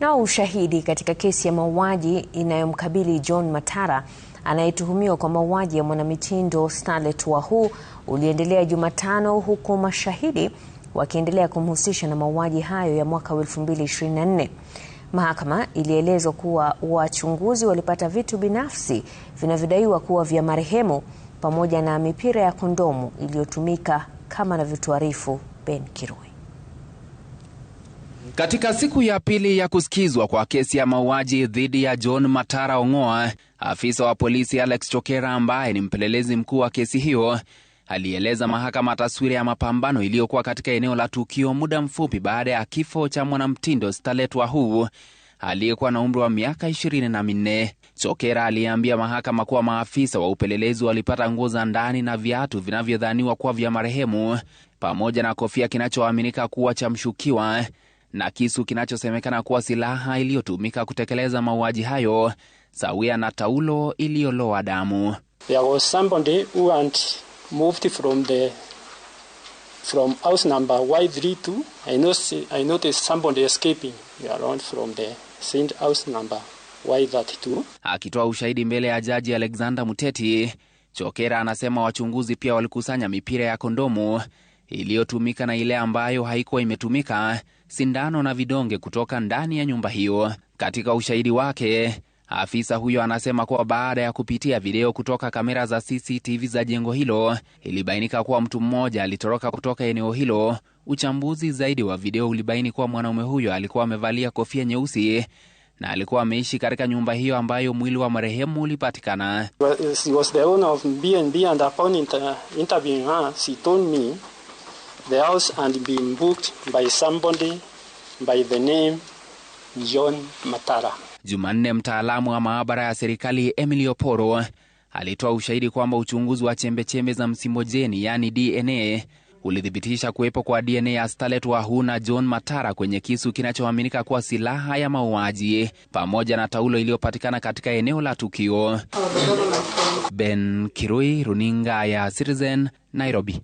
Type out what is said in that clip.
Nao ushahidi katika kesi ya mauaji inayomkabili John Matara anayetuhumiwa kwa mauaji ya mwanamitindo Starlet Wahu uliendelea Jumatano huku mashahidi wakiendelea kumhusisha na mauaji hayo ya mwaka 2024. Mahakama ilielezwa kuwa wachunguzi walipata vitu binafsi vinavyodaiwa kuwa vya marehemu pamoja na mipira ya kondomu iliyotumika kama anavyotuarifu Ben Kirui. Katika siku ya pili ya kusikizwa kwa kesi ya mauaji dhidi ya John Matara Ong'oa, afisa wa polisi Alex Chokera ambaye ni mpelelezi mkuu wa kesi hiyo alieleza mahakama taswira ya mapambano iliyokuwa katika eneo la tukio muda mfupi baada ya kifo cha mwanamtindo Starlet Wahu aliyekuwa na umri wa miaka ishirini na minne. Chokera aliambia mahakama kuwa maafisa wa upelelezi walipata nguo za ndani na viatu vinavyodhaniwa kuwa vya marehemu pamoja na kofia kinachoaminika kuwa cha mshukiwa na kisu kinachosemekana kuwa silaha iliyotumika kutekeleza mauaji hayo sawia na taulo iliyoloa damu. Akitoa ushahidi mbele ya jaji Alexander Muteti, Chokera anasema wachunguzi pia walikusanya mipira ya kondomu iliyotumika na ile ambayo haikuwa imetumika sindano na vidonge kutoka ndani ya nyumba hiyo. Katika ushahidi wake, afisa huyo anasema kuwa baada ya kupitia video kutoka kamera za CCTV za jengo hilo, ilibainika kuwa mtu mmoja alitoroka kutoka eneo hilo. Uchambuzi zaidi wa video ulibaini kuwa mwanaume huyo alikuwa amevalia kofia nyeusi na alikuwa ameishi katika nyumba hiyo ambayo mwili wa marehemu ulipatikana the house and been booked by somebody by the name John Matara. Jumanne, mtaalamu wa maabara ya serikali Emily Oporo alitoa ushahidi kwamba uchunguzi wa chembechembe za msimojeni yani DNA ulithibitisha kuwepo kwa DNA ya Starlet Wahu na John Matara kwenye kisu kinachoaminika kuwa silaha ya mauaji pamoja na taulo iliyopatikana katika eneo la tukio. Ben Kirui, runinga ya Citizen, Nairobi.